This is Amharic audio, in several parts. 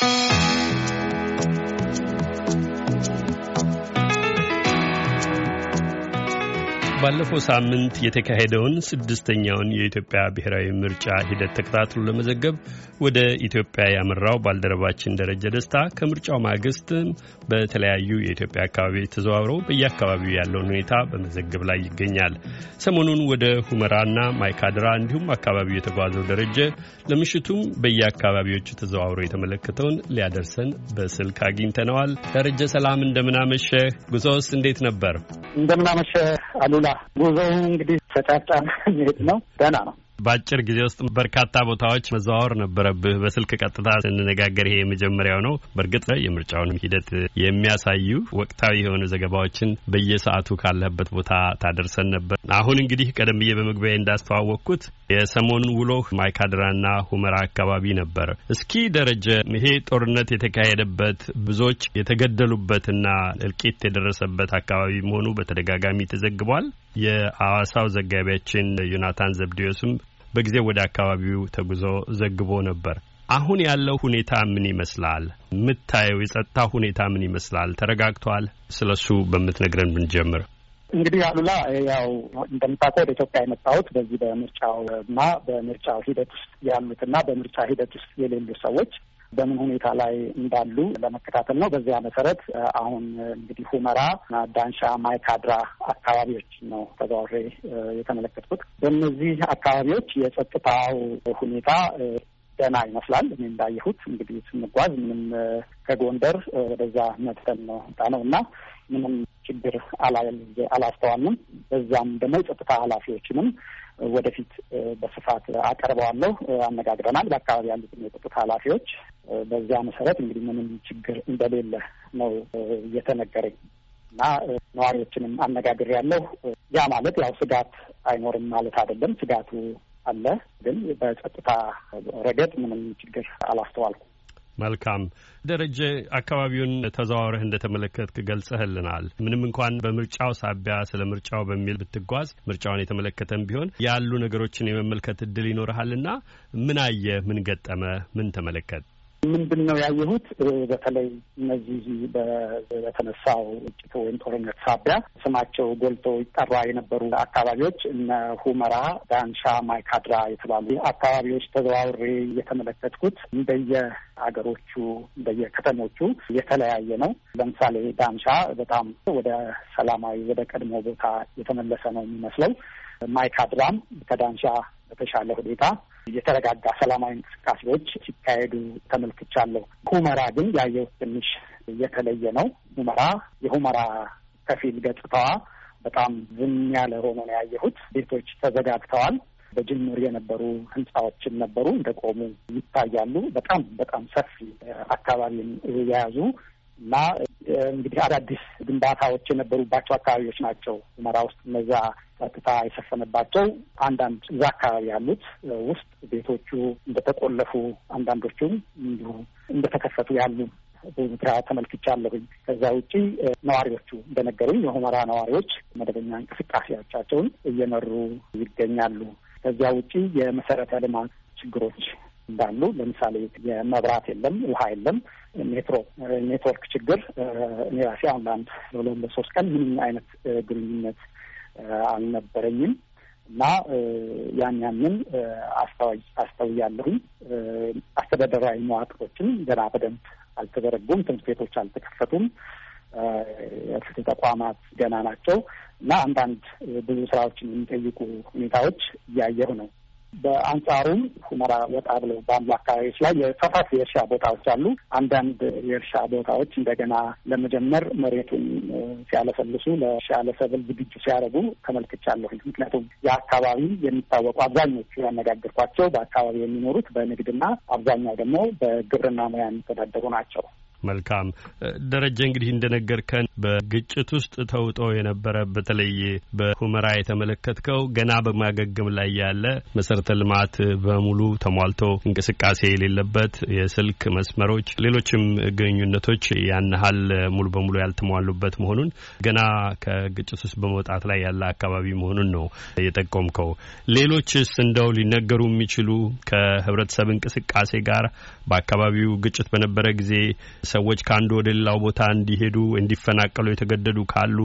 Thank you. ባለፈው ሳምንት የተካሄደውን ስድስተኛውን የኢትዮጵያ ብሔራዊ ምርጫ ሂደት ተከታትሎ ለመዘገብ ወደ ኢትዮጵያ ያመራው ባልደረባችን ደረጀ ደስታ ከምርጫው ማግስት በተለያዩ የኢትዮጵያ አካባቢዎች ተዘዋውሮ በየአካባቢው ያለውን ሁኔታ በመዘገብ ላይ ይገኛል። ሰሞኑን ወደ ሁመራና ማይካድራ እንዲሁም አካባቢው የተጓዘው ደረጀ ለምሽቱም በየአካባቢዎቹ ተዘዋውሮ የተመለከተውን ሊያደርሰን በስልክ አግኝተነዋል። ደረጀ ሰላም፣ እንደምናመሸህ። ጉዞውስ እንዴት ነበር? እንደምናመሸህ አሉላ ጉዞው እንግዲህ ተጫጫ መሄድ ነው። ደህና ነው። በአጭር ጊዜ ውስጥ በርካታ ቦታዎች መዘዋወር ነበረብህ። በስልክ ቀጥታ ስንነጋገር ይሄ የመጀመሪያው ነው። በእርግጥ የምርጫውን ሂደት የሚያሳዩ ወቅታዊ የሆኑ ዘገባዎችን በየሰዓቱ ካለህበት ቦታ ታደርሰን ነበር። አሁን እንግዲህ ቀደም ብዬ በመግቢያ እንዳስተዋወቅኩት የሰሞኑን ውሎ ማይካድራና ሁመራ አካባቢ ነበር። እስኪ ደረጀ፣ ይሄ ጦርነት የተካሄደበት ብዙዎች የተገደሉበትና እልቂት የደረሰበት አካባቢ መሆኑ በተደጋጋሚ ተዘግቧል። የአዋሳው ዘጋቢያችን ዮናታን ዘብዲዮስም በጊዜ ወደ አካባቢው ተጉዞ ዘግቦ ነበር። አሁን ያለው ሁኔታ ምን ይመስላል? የምታየው የጸጥታ ሁኔታ ምን ይመስላል? ተረጋግቷል? ስለ እሱ በምትነግረን ብንጀምር። እንግዲህ አሉላ፣ ያው እንደምታውቀው ወደ ኢትዮጵያ የመጣሁት በዚህ በምርጫው እና በምርጫው ሂደት ውስጥ ያሉትና በምርጫ ሂደት ውስጥ የሌሉ ሰዎች በምን ሁኔታ ላይ እንዳሉ ለመከታተል ነው። በዚያ መሰረት አሁን እንግዲህ ሁመራ፣ ዳንሻ፣ ማይካድራ አካባቢዎች ነው ተዘዋውሬ የተመለከትኩት። በእነዚህ አካባቢዎች የጸጥታው ሁኔታ ደህና ይመስላል። እኔ እንዳየሁት እንግዲህ ስንጓዝ ምንም ከጎንደር ወደዛ መጥተን ነው ጣ ነው እና ምንም ችግር አላስተዋልንም። በዛም ደግሞ የጸጥታ ኃላፊዎችንም ወደፊት በስፋት አቀርበዋለሁ። አነጋግረናል በአካባቢ ያሉትን የጥጥት ኃላፊዎች። በዚያ መሰረት እንግዲህ ምንም ችግር እንደሌለ ነው እየተነገረኝ እና ነዋሪዎችንም አነጋግር ያለው ያ ማለት ያው ስጋት አይኖርም ማለት አይደለም። ስጋቱ አለ፣ ግን በጸጥታ ረገድ ምንም ችግር አላስተዋልኩም። መልካም ደረጀ፣ አካባቢውን ተዘዋውረህ እንደተመለከትክ ገልጸህልናል። ምንም እንኳን በምርጫው ሳቢያ ስለ ምርጫው በሚል ብትጓዝ ምርጫውን የተመለከተም ቢሆን ያሉ ነገሮችን የመመልከት እድል ይኖርሃልና ምን አየህ? ምን ገጠመ? ምን ተመለከት? ምንድን ነው ያየሁት? በተለይ እነዚህ በተነሳው ግጭት ወይም ጦርነት ሳቢያ ስማቸው ጎልቶ ይጠራ የነበሩ አካባቢዎች እነ ሁመራ፣ ዳንሻ፣ ማይካድራ የተባሉ አካባቢዎች ተዘዋውሬ እየተመለከትኩት እንደየ አገሮቹ እንደየከተሞቹ የተለያየ ነው። ለምሳሌ ዳንሻ በጣም ወደ ሰላማዊ ወደ ቀድሞ ቦታ የተመለሰ ነው የሚመስለው። ማይካድራም ከዳንሻ በተሻለ ሁኔታ የተረጋጋ ሰላማዊ እንቅስቃሴዎች ሲካሄዱ ተመልክቻለሁ። ሁመራ ግን ያየው ትንሽ የተለየ ነው። ሁመራ የሁመራ ከፊል ገጽታዋ በጣም ዝም ያለ ሆኖ ነው ያየሁት። ቤቶች ተዘጋግተዋል። በጅምር የነበሩ ህንፃዎችን ነበሩ እንደቆሙ ይታያሉ። በጣም በጣም ሰፊ አካባቢን የያዙ እና እንግዲህ አዳዲስ ግንባታዎች የነበሩባቸው አካባቢዎች ናቸው። ሁመራ ውስጥ እነዛ ጸጥታ የሰፈነባቸው አንዳንድ እዛ አካባቢ ያሉት ውስጥ ቤቶቹ እንደተቆለፉ አንዳንዶቹም እንዲሁ እንደተከፈቱ ያሉ በዝትራ ተመልክቻለሁኝ። ከዛ ውጪ ነዋሪዎቹ እንደነገሩኝ የሁመራ ነዋሪዎች መደበኛ እንቅስቃሴዎቻቸውን እየመሩ ይገኛሉ። ከዚያ ውጪ የመሰረተ ልማት ችግሮች እንዳሉ ለምሳሌ መብራት የለም፣ ውሃ የለም፣ ኔትወርክ ችግር። እኔ ራሴ አሁን ለአንድ ለሁለት ለሶስት ቀን ምንም አይነት ግንኙነት አልነበረኝም እና ያን ያንን አስተውያለሁኝ። አስተዳደራዊ መዋቅሮችን ገና በደንብ አልተዘረጉም። ትምህርት ቤቶች አልተከፈቱም። የፍትህ ተቋማት ገና ናቸው እና አንዳንድ ብዙ ስራዎችን የሚጠይቁ ሁኔታዎች እያየሁ ነው። በአንጻሩም ሁመራ ወጣ ብለው ባሉ አካባቢዎች ላይ የሰፋፊ የእርሻ ቦታዎች አሉ። አንዳንድ የእርሻ ቦታዎች እንደገና ለመጀመር መሬቱን ሲያለሰልሱ ለእርሻ ለሰብል ዝግጁ ሲያደርጉ ተመልክቻለሁ። ምክንያቱም የአካባቢ የሚታወቁ አብዛኞቹ ያነጋግርኳቸው በአካባቢ የሚኖሩት በንግድና አብዛኛው ደግሞ በግብርና ሙያ የሚተዳደሩ ናቸው። መልካም ደረጀ፣ እንግዲህ እንደነገርከን በግጭት ውስጥ ተውጦ የነበረ በተለይ በሁመራ የተመለከትከው ገና በማገገም ላይ ያለ መሰረተ ልማት በሙሉ ተሟልቶ እንቅስቃሴ የሌለበት የስልክ መስመሮች፣ ሌሎችም ግንኙነቶች ያን ሙሉ በሙሉ ያልተሟሉበት መሆኑን ገና ከግጭት ውስጥ በመውጣት ላይ ያለ አካባቢ መሆኑን ነው የጠቆምከው። ሌሎችስ እንደው ሊነገሩ የሚችሉ ከህብረተሰብ እንቅስቃሴ ጋር በአካባቢው ግጭት በነበረ ጊዜ ሰዎች ከአንዱ ወደ ሌላው ቦታ እንዲሄዱ እንዲፈናቀሉ የተገደዱ ካሉ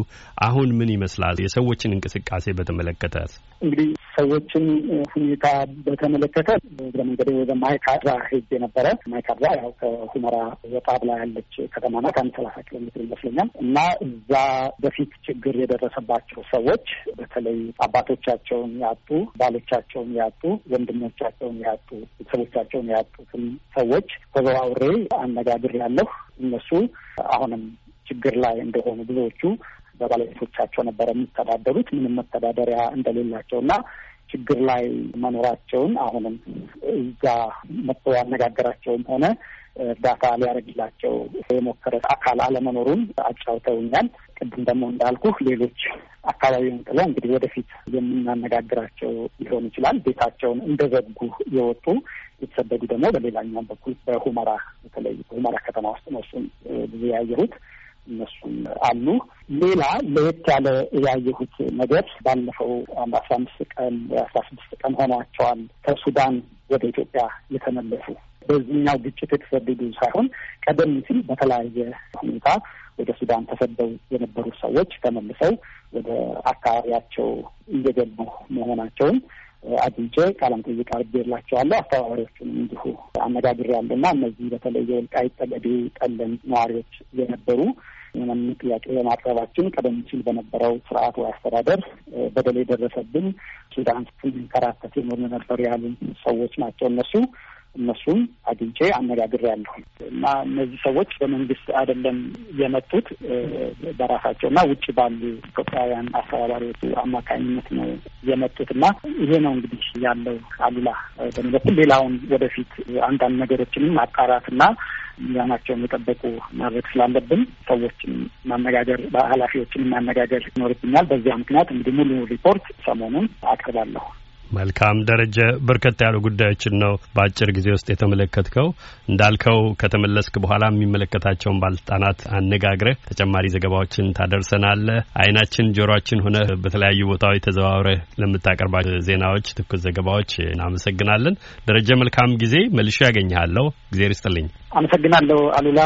አሁን ምን ይመስላል? የሰዎችን እንቅስቃሴ በተመለከተ እንግዲህ ሰዎችን ሁኔታ በተመለከተ በመንገዴ ወደ ማይካድራ ሄጄ ነበረ። ማይካድራ ያው ከሁመራ ወጣ ብላ ያለች ከተማ ናት። አንድ ሰላሳ ኪሎ ሜትር ይመስለኛል እና እዛ በፊት ችግር የደረሰባቸው ሰዎች በተለይ አባቶቻቸውን ያጡ፣ ባሎቻቸውን ያጡ፣ ወንድሞቻቸውን ያጡ፣ ቤተሰቦቻቸውን ያጡትን ሰዎች ሰዎች ተዘዋውሬ ያለሁ እነሱ አሁንም ችግር ላይ እንደሆኑ ብዙዎቹ በባለቤቶቻቸው ነበረ የሚተዳደሩት ምንም መተዳደሪያ እንደሌላቸው እና ችግር ላይ መኖራቸውን አሁንም እዛ መጥቶ ያነጋገራቸውም ሆነ እርዳታ ሊያደርግላቸው የሞከረ አካል አለመኖሩን አጫውተውኛል። ቅድም ደግሞ እንዳልኩህ ሌሎች አካባቢውን ጥለው እንግዲህ ወደፊት የምናነጋግራቸው ሊሆን ይችላል። ቤታቸውን እንደዘጉ የወጡ የተሰደዱ ደግሞ በሌላኛውም በኩል በሁመራ በተለይ በሁመራ ከተማ ውስጥ ነው እሱን ብዙ ያየሁት እነሱም አሉ። ሌላ ለየት ያለ ያየሁት ነገር ባለፈው አንድ አስራ አምስት ቀን አስራ ስድስት ቀን ሆኗቸዋል ከሱዳን ወደ ኢትዮጵያ የተመለሱ በዚህኛው ግጭት የተሰደዱ ሳይሆን ቀደም ሲል በተለያየ ሁኔታ ወደ ሱዳን ተሰደው የነበሩ ሰዎች ተመልሰው ወደ አካባቢያቸው እየገቡ መሆናቸውን አግኝቼ ቃለ መጠይቅ አድርጌላቸዋለሁ። አስተባባሪዎቹንም እንዲሁ አነጋግሬያለሁ እና እነዚህ በተለይ የወልቃይት ጠገዴ ጠለም ነዋሪዎች የነበሩ ምንም ጥያቄ በማቅረባችን ቀደም ሲል በነበረው ስርዓት ወይ አስተዳደር በደል የደረሰብን ሱዳን ስንከራተት የኖር ነበር ያሉን ሰዎች ናቸው እነሱ እነሱን አግኝቼ ያለሁ እና እነዚህ ሰዎች በመንግስት አይደለም የመጡት በራሳቸው እና ውጭ ባሉ ኢትዮጵያውያን አስተባባሪዎቹ አማካኝነት ነው የመጡት እና ይሄ ነው እንግዲህ ያለው አሉላ። በምን በኩል ሌላውን ወደፊት አንዳንድ ነገሮችንም ማጣራት እና ሚዛናቸውን የጠበቁ ማድረግ ስላለብን ሰዎችን ማነጋገር፣ ኃላፊዎችን ማነጋገር ይኖርብኛል። በዚያ ምክንያት እንግዲህ ሙሉ ሪፖርት ሰሞኑን አቅርባለሁ። መልካም ደረጀ፣ በርከት ያሉ ጉዳዮችን ነው በአጭር ጊዜ ውስጥ የተመለከትከው። እንዳልከው ከተመለስክ በኋላ የሚመለከታቸውን ባለስልጣናት አነጋግረህ ተጨማሪ ዘገባዎችን ታደርሰናለህ። አይናችን ጆሮችን ሆነ በተለያዩ ቦታዎች ተዘዋውረህ ለምታቀርባ ዜናዎች፣ ትኩስ ዘገባዎች እናመሰግናለን። ደረጀ፣ መልካም ጊዜ። መልሼ ያገኘሃለሁ። እግዜር ይስጥልኝ። አመሰግናለሁ አሉላ።